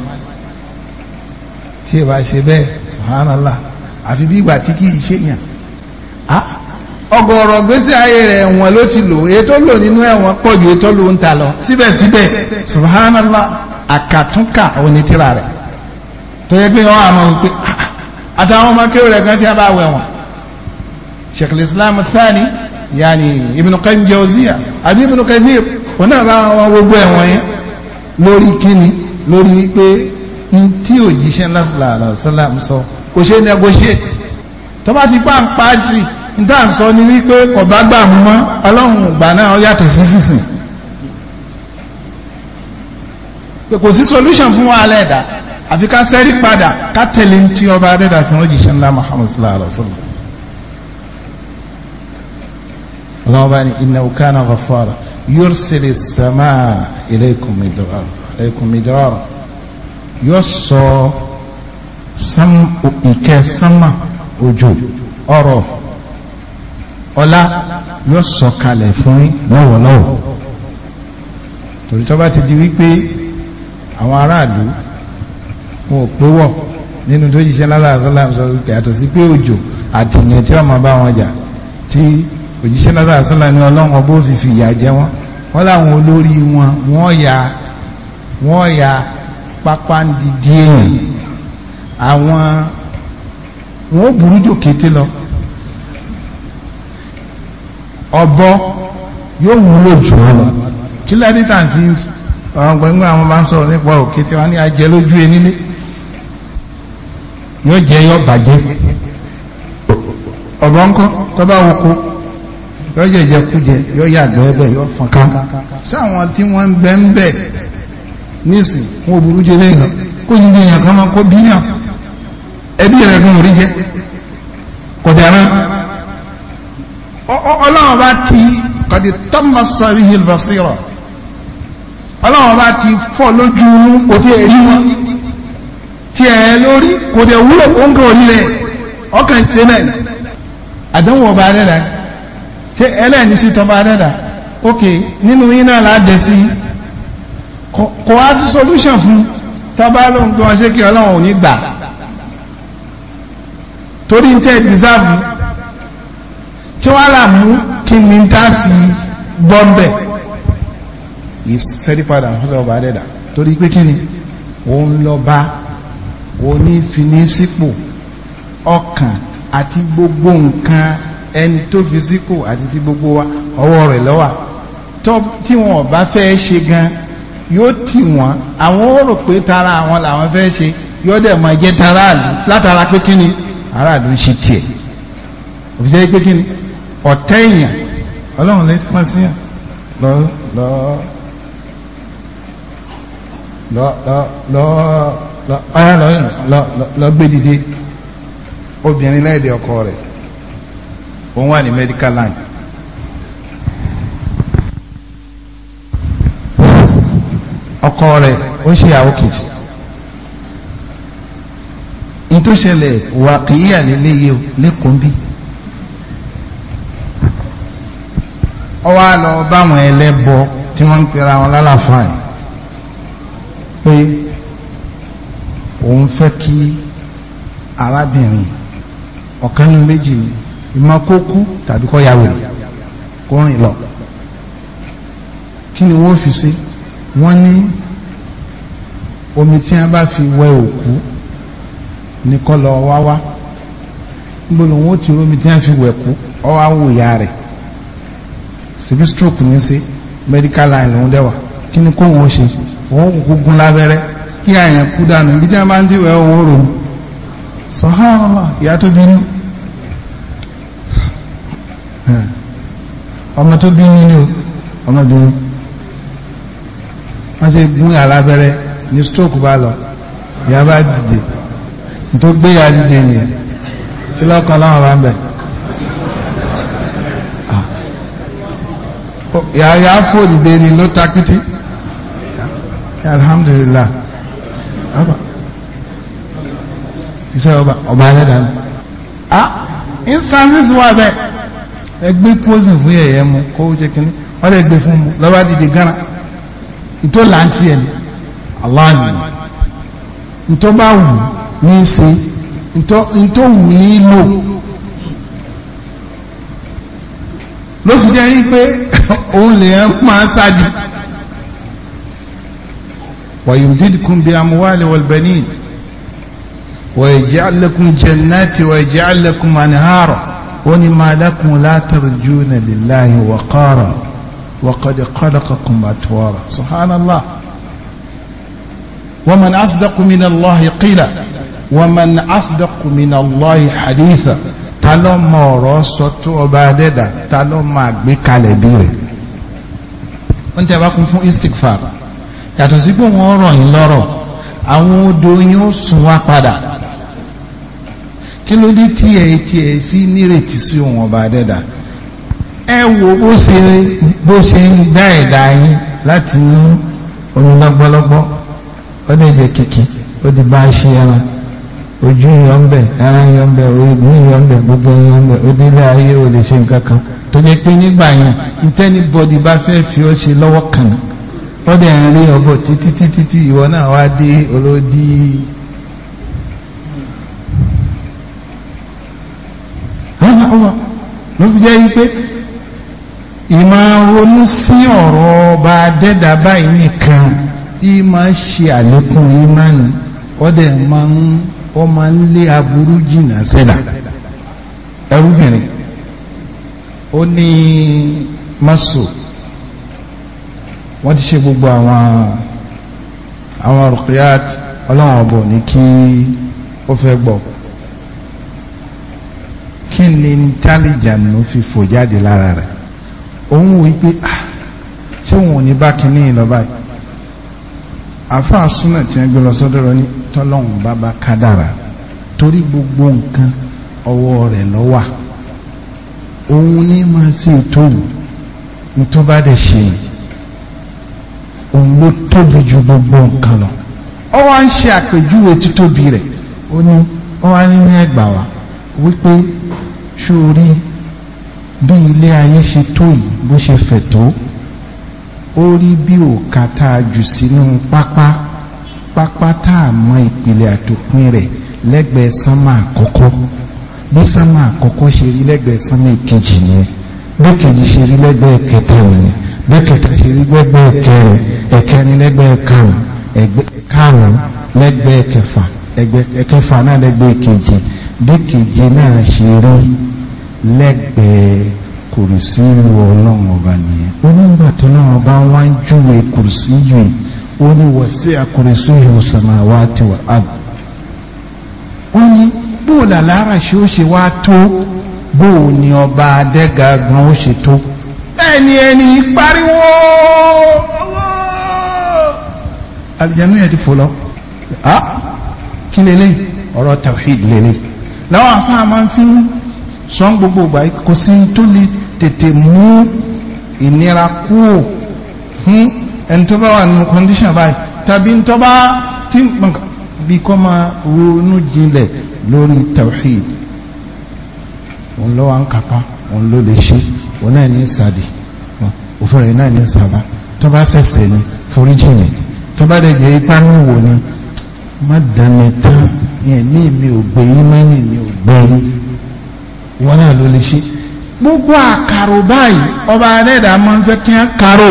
tí ẹ bá ṣe bẹ́ẹ̀ subhanallah àfi bí ìgbà tí kì í ṣe yàn á ọ̀gọ̀rọ̀ gbèsè ayé rẹ̀ ẹ̀wọ̀n ló ti lò ètò lò nínú ẹ̀wọ̀n pọ̀ ju ètò lò ń ta lọ síbẹ̀síbẹ̀ subhanallah àkàtúnkà onítìrà rẹ̀ tó yẹ pé wọn àmọ́ wípé ah, ah, àtàwọn ọmọ kéwòn rẹ̀ gan tí a bá wẹ̀ wọ́n sheikh islam thani yaani ibn qayyim jawziya àbí ibn kathir wọn náà bá wọn gbogbo ẹ̀wọ̀n yẹn lórí kíni lórí wípé tí òjíṣẹ́ lásìlá àlàsílám sọ kò ṣe negotiate tó bá ti pàǹpá tì ní tá à ń sọ ni wípé kò bá gbà mú mọ́ ọlọ́run ìgbà náà yàtọ̀ sí sísìn pé kò sí solution fún wàhálà ẹ̀dá àfi ká sẹ́rí padà ká tẹ̀lé tí ọba adẹ́dà fi òjíṣẹ́ ńlá Muhammad sallallahu alaihi wasallam ọlọ́run bá ní innahu kana ghaffara yursilis samaa ilaykum midrar عليكم مدرارا yóò sọ ìkẹ́ sánmà òjò ọ̀rọ̀ ọlá yóò sọ kalẹ̀ fún lọ́wọ́lọ́wọ́ torí tó bá ti di wípé àwọn aráàlú wọn ò pé wọ̀ nínú tó yíṣẹ́ lálàásọ́lá sọ pé àtọ̀ sí pé òjò àtìyàn tí wọ́n máa bá wọn jà tí òjíṣẹ́ lálàásọ́lá ní ọlọ́run ọbọ̀ òfìfì ìyà jẹ wọn wọn láwọn olórí wọn wọn yà á wọ́n ya pápá ń di díẹ̀ àwọn wọ́n burú jò kété lọ ọ̀bọ yóò wúlò jù wọn lọ kí lẹ́ni tà ń fi ọ̀rọ̀ gbẹ̀ngbẹ̀ àwọn bá ń sọ̀rọ̀ nípa òkété wọn ní ajẹ́ lójú enílé yóò jẹ́ yọ bàjẹ́ ọ̀bọ ńkọ́ tó bá wọ́pọ̀ yóò jẹ́ jẹ́ kújẹ yóò yàgbẹ́ bẹ́ẹ̀ yóò fọ̀nká sáwọn tí wọ́n ń bẹ́ ń bẹ́ẹ̀. nísìn wọn ò burú jẹ lẹ́yìn lọ kó ní jẹ èèyàn kan máa kó bí ẹbí rẹ̀ gan ò jẹ kọjá náà bá ti kàdé sáré yìí lọ sí rọ ọlọ́run bá ti fọ́ lójú kò tí ẹ rí wọn tí ẹ lórí kò dẹ̀ wúlò ọkàn náà àdánwò kò wá sí solution fún tọ́ba lóhun tó wá ṣe kí ọlọ́run ò ní gbà torí ń tẹ́ deserve kí wọ́n là mú kí ni tá fi bọ́m̀bẹ̀ ìsẹ́dípadà fún ọba adẹ́dà torí pé kí ni òun lọ bá onífinísípò ọkàn àti gbogbo nǹkan ẹni tó fi sípò àti ti gbogbo wa ọwọ́ rẹ̀ ló wà tí wọn ò fẹ́ ṣe gan-an yóò tì wọ́n àwọn ò rò pé tara àwọn làwọn fẹ́ ṣe yóò dẹ̀ máa jẹ́ tara àlù látara pé kí ni aráàlú ń ṣe tiẹ̀ òfin jẹ́ pé kí ni ọ̀tẹ́ èèyàn ọlọ́run lè pọ́n sí yàn lọ lọ lọ lọ lọ ọyá lọ lọ lọ gbé dìde obìnrin lẹ́ẹ̀dẹ̀ ọkọ rẹ̀ òun wà ní medical line ọkọ rẹ̀ ó ṣe ìyàwó kejì ìtòṣẹlẹ̀ wà kìíyà nílé yìí o lẹ́kọ̀ọ́ bí ọ wá lọ báwọn ẹlẹ́bọ tí wọ́n ń pera wọn lálàfáà yìí pé òun fẹ́ kí arábìnrin ọ̀kan méjì ni ìmọ̀kókú tàbí kọ́ yàwèrè kó rìn lọ kí ni wọ́n fi ṣe wọ́n ní omi tí wọ́n bá fi wẹ òkú ní kọ́ lọ wá wá níbo lòun ó ti romi tí wọ́n fi wẹ̀ kú ọ wá wò ya rẹ̀ síbi stroke ní sí medical line lòun dẹ́wà kí ni kóun ó ṣe òun kò gún lábẹ́rẹ́ kí àyàn kú dànù ibi tí wọ́n bá ń diwẹ̀ òun rò sọ̀hánàlá ìyá tó bí ní ọmọ tó bí ní ni o ọmọbìnrin wọ́n ti gún alábẹ́rẹ́ ní stroke bá lọ ìyá bá dìde tó gbé ya dìde nìyẹn kí lọ́kọ̀ láwọn bá ń bẹ̀. yàyà fò dìde ni ló takìtì alhamdulilah ọba iṣẹ́ ọba ọba ẹlẹ́dàá ni. ah instances wà bẹ́ẹ̀ ẹgbẹ́ poison fún yẹ̀yẹ́ mu kó jẹ́ kínní wọ́n lè gbé fún mu lọ́ba dìde gánà ìtò láǹtì ẹ̀ Allah ni ìtò bá wù ní í ṣe ìtò wù ní í lò ló fi jẹ́ yí pé òun lè ẹ́ máa sáàdì ويمددكم بأموال والبنين ويجعل لكم جنات ويجعل لكم أنهارا ولما لكم لا ترجون لله وقارا وقد خلقكم أطوارا سبحان الله ومن أصدق من الله قيلا ومن أصدق من الله حديثا ta ló mọ ọ̀rọ̀ sọ tó ọba adẹ́dà ta ló máa gbé kalẹ̀ bí rẹ̀ wọ́n tẹ́ bá kún fún istikfar yàtọ̀ sí pé wọ́n rọ̀ yín lọ́rọ̀ àwọn odò yín ó sùn wá padà kí ló dé tí ẹ̀ tí ẹ̀ fi nírètí sí òun ọba adẹ́dà ẹ wo bó ṣe bó ṣe ń ẹ̀dá yín láti mú omi lọ́gbọ́lọ́gbọ́ ó lè a ṣe ẹran ojú yọ ń bẹ ẹran ń ń gbogbo yọ ń bẹ ó ayé ò lè ṣe nǹkan kan tó pé nígbà ọ ṣe lọ́wọ́ ó dẹ̀ ń rí ọbọ̀ títí ìmọ̀ ronú sí ọ̀rọ̀ ọba dẹ́dà báyìí nìkan ìmọ̀ ṣe àlékún ìmánì ọ̀dẹ̀ máa ń ọmọ ń lé aburú jìnnà sẹ́là ẹrúbìnrin ó ní mọ́sù wọ́n ti ṣe gbogbo àwọn àwọn rukiyat ọlọ́run ọ̀bọ̀ ní kí ó fẹ́ gbọ́ kí ni intelligent ló fi fò jáde lára rẹ̀ òun wò wípé ah, ṣé òun ò ní bá kínní yìí lọ báyìí àáfàá súnà tí wọ́n gbé lọ sọ́dọ̀ rẹ ní tọ́lọ́hún bàbá kádàrà torí gbogbo nǹkan ọwọ́ rẹ̀ ló wà òun ní máa ṣe ìtòwò nítorí bá dẹ̀ ṣe òun ló tóbi ju gbogbo nǹkan lọ ó wá ń ṣe àpèjúwe títóbi rẹ̀ ó ní ó wá ní ní ẹgbàá wípé ṣó bí ilé ayé ṣe tó yìí bó ṣe fẹ̀ tó ó rí bí òkà tá a jù sínú pápá pápá tá a mọ ìpìlẹ̀ àtòpin rẹ̀ lẹ́gbẹ̀ẹ́ sánmà àkọ́kọ́ bí sánmà àkọ́kọ́ ṣe rí lẹ́gbẹ̀ẹ́ sánmà ìkejì nìyẹn bí kejì ṣe rí lẹ́gbẹ̀ẹ́ kẹta nìyẹn bí kẹta ṣe rí lẹ́gbẹ̀ẹ́ kẹrin ẹ̀kẹrin lẹ́gbẹ̀ẹ́ karùn ẹgbẹ́ karùn lẹ́gbẹ̀ẹ́ kẹfà ẹgbẹ́ kẹfà náà lẹ́gbẹ̀ẹ́ kejì bí kejì náà ṣe rí lẹ́gbẹ̀ẹ́ kùrùsí ìlú ọlọ́run ọba nìyẹn ó nígbà tó náà ọba wọn ń júwe kùrùsí yìí ó ní wọ̀sí àkùrùsí ìlú samawati wal ard ó ní bóòlù alára ṣe ó ṣe wá tó bóòlù ni ọba adẹ́ga gan ó ṣe tó ẹni ẹni pariwo àbíjánu yẹn ti fò ah kí lélẹ́yìn ọ̀rọ̀ tawhid lélẹ́yìn làwọn afáàmà fi ń sọ́n gbogbo ìgbà kò sí tó lè tètè mú ìnira kúrò fún ẹni tó bá wà nínú condition báyìí tàbí tó bá tí bí kọ́ máa ronú jinlẹ̀ lórí tawhid òun lọ́wọ́ ń kápá òun ló lè ṣe òun náà ní sàdì òfin rẹ̀ náà ní sàbá tó bá ṣẹ̀ṣẹ̀ ni foríjì yẹn tó bá dẹ̀ jẹ́ ipá ní wò ni má dàmẹ́tàn yẹn ní mi ò gbẹ̀yìn mẹ́yìn mi ò gbẹ̀yìn wọn náà ló lè ṣe gbogbo àkàrò báyìí ọba adẹ́dà máa ń fẹ́ kí wọ́n kàrò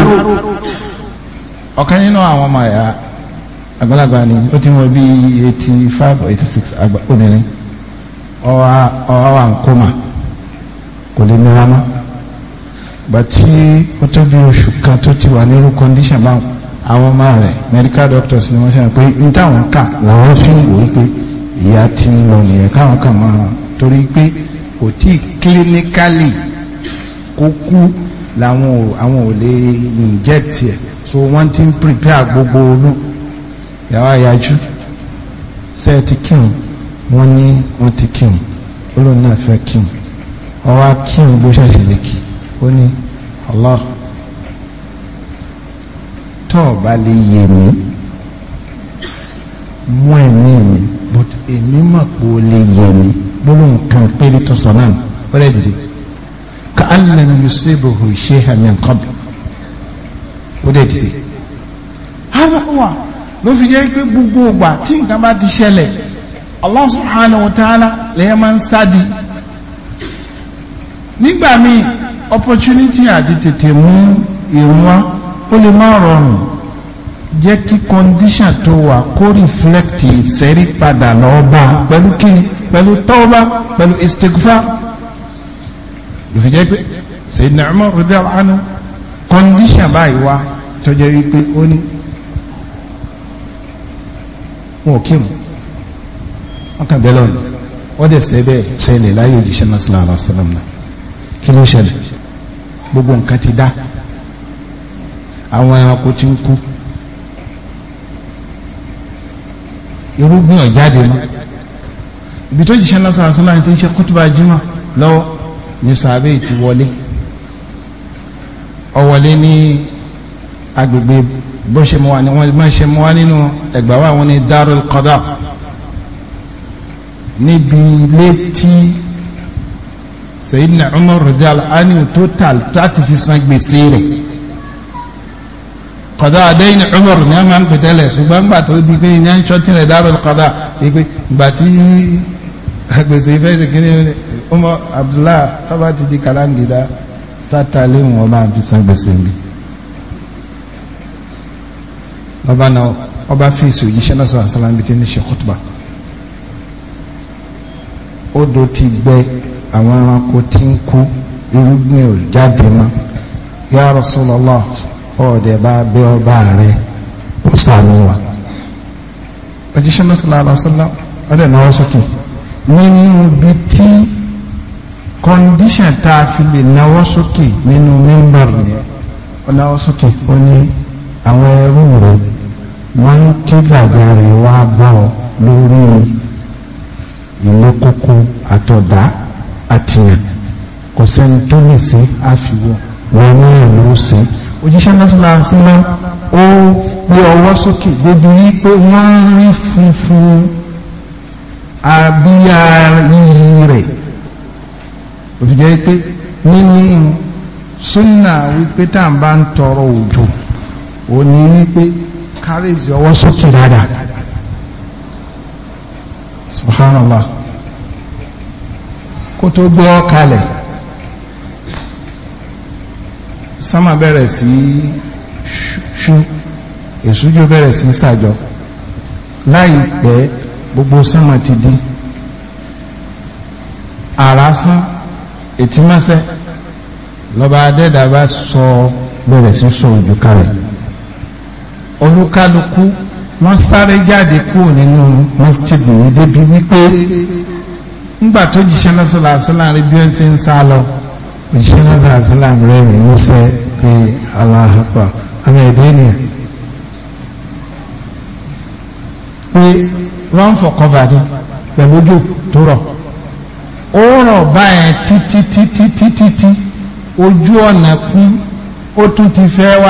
ọ̀kan nínú àwọn ọmọ ẹ̀yà àgbàlagbà ni ó ti wọ bí eighty five or eighty six obìnrin ọwọ́ wa ń kó mà kò lè mìíràn mọ́ bàtí ó tó bí oṣù kan tó ti wà nírú condition báwọn àwọn ọmọ rẹ̀ medical doctors ni wọ́n ṣe pé n táwọn kà làwọn fi ń wò ó pé ìyá ti ń lọ nìyẹn káwọn kà máa torí pé kò tí clinically kó kú làwọn ò àwọn ò lè inject ẹ̀ so wọ́n ti ń prepare gbogbo oyún yàrá yájú ṣe ti kírun wọ́n ní wọ́n ti kírun olóòrùn náà fẹ́ kírun ọwọ́ kírun bó ṣẹ̀ṣẹ̀ lè kí ó ní Allah tó o bá lè yé mi mú ẹ̀mí mi but èmi mọ̀ pé o lè yé mi gbólóhùn kan péré tó sọ náà ó lè dìde ka anam yusibuhu shay'an min qabl ó lè dìde. hàbà wà ló fi jẹ́ gbogbo ìgbà tí nǹkan bá ti ṣẹlẹ̀ Allah subhanahu wa ta'ala lèyẹ máa ń sádi nígbà míì opportunity àti tètè mú ìwọ́n ó lè má rọrùn jẹ́ kí condition tó wà kó reflect ìsẹ́rí padà lọ́ọ́ bá pẹ̀lú kíni pẹ̀lú tọ́ọ̀bá pẹ̀lú istighfar lùfìjẹ́ pé Sayyidina Umar radiyallahu anhu kọ́ndíṣàn báyìí wá tọ́jọ́ wípé ó ní wọn ò kírun wọn kàn bẹ́ẹ̀ lọ́nà wọ́n dẹ̀ sẹ́ bẹ́ẹ̀ ṣẹlẹ̀ láyé òjíṣẹ́ náà sallallahu alaihi wasallam náà kí ló ṣẹlẹ̀ gbogbo nǹkan ti dá àwọn ẹranko ti ń kú irúgbìn ọ̀jáde mọ́ ibi tó jìṣẹ́ náà sọ̀rọ̀ sọ́nà tó ń ṣe kútùbà jimá lọ́wọ́ ní sàbẹ̀ ti wọlé ó wọlé ní agbègbè bó ṣe mọ́ wa ni wọ́n máa ṣe mọ́ wa nínú ẹ̀gbà wa wọn ni darul qada níbi ilé tí Sayyidina Umar rẹ̀dàl ánìwò tó tà fi san gbèsè rẹ̀ qada adéyìn Umar ní a máa ń pè tẹ́lẹ̀ ṣùgbọ́n gbà tó ní à ń ṣọ́tì rẹ̀ darul qada ìgbà tí agbèsè ìfẹ́ ìṣèkínní ọmọ abdullahi tọ́ba ti di kàláǹgìdá sátálé wọn bá fi san gbèsè mi ọba náà ọba fèsì òjíṣẹ́ náà sọ̀rọ̀ sọ́la níbi tí ní ṣe kọ́tùbà odò ti gbẹ àwọn ẹranko tí ń kú irúgbìn ò jáde mọ́ ya Rasulullah ọ̀ọ́dẹ̀ bá bẹ ọba rẹ̀ ó sàánú wa òjíṣẹ́ náà sọ̀rọ̀ sọ́la ọ̀dẹ̀ náà wọ́n sọ̀tún nínú ibi tí kọ́ndíṣàn tá a fi lè náwó sókè nínú mímbàrì yẹn ó náwó sókè ó ní àwọn ẹrú rẹ wọ́n ń ké gbàgbà rẹ̀ wá bá ọ lórí ilé kókó àtọ̀dá àtìyàn kò sẹ́ni tó lè ṣe àfiwọ́ wọn ní ìlú ṣe òjíṣẹ́ lọ́sọ̀lá sílẹ̀ ó gbé ọwọ́ sókè débi wípé wọ́n rí funfun àbíyá iyì rẹ̀ òfin jẹ́ pé nínú súnà wípé tá à ń bá ń tọrọ òjò ò ní wípé kárèsì ọwọ́ sókè dáadáa subhanallah kó tó gbọ́ kalẹ̀ sámà bẹ̀rẹ̀ sí ṣú èsújó bẹ̀rẹ̀ sí ṣàjọ láìpẹ́ gbogbo sánmà ti di àrásán ètímọ́sẹ́ lọ́ba adẹ́dà bá sọ bẹ̀rẹ̀ sí sọ òjò kalẹ̀ olúkálukú wọ́n sáré jáde kúrò nínú masjid nìyí débi wípé ńgbà tó jíṣẹ́ lọ́sọ̀lá àṣálà rí bí wọ́n ti ń sá lọ jíṣẹ́ lọ́sọ̀lá àṣálà rẹ̀ rìn músẹ́ pé aláhàpá àmì ẹ̀dẹ́ ènìyàn pé run for cover ni pẹ̀lú ojú tó rọ̀ ó rọ̀ báyẹn títí títí títí ojú ọ̀nà kún ó tún ti fẹ́ wá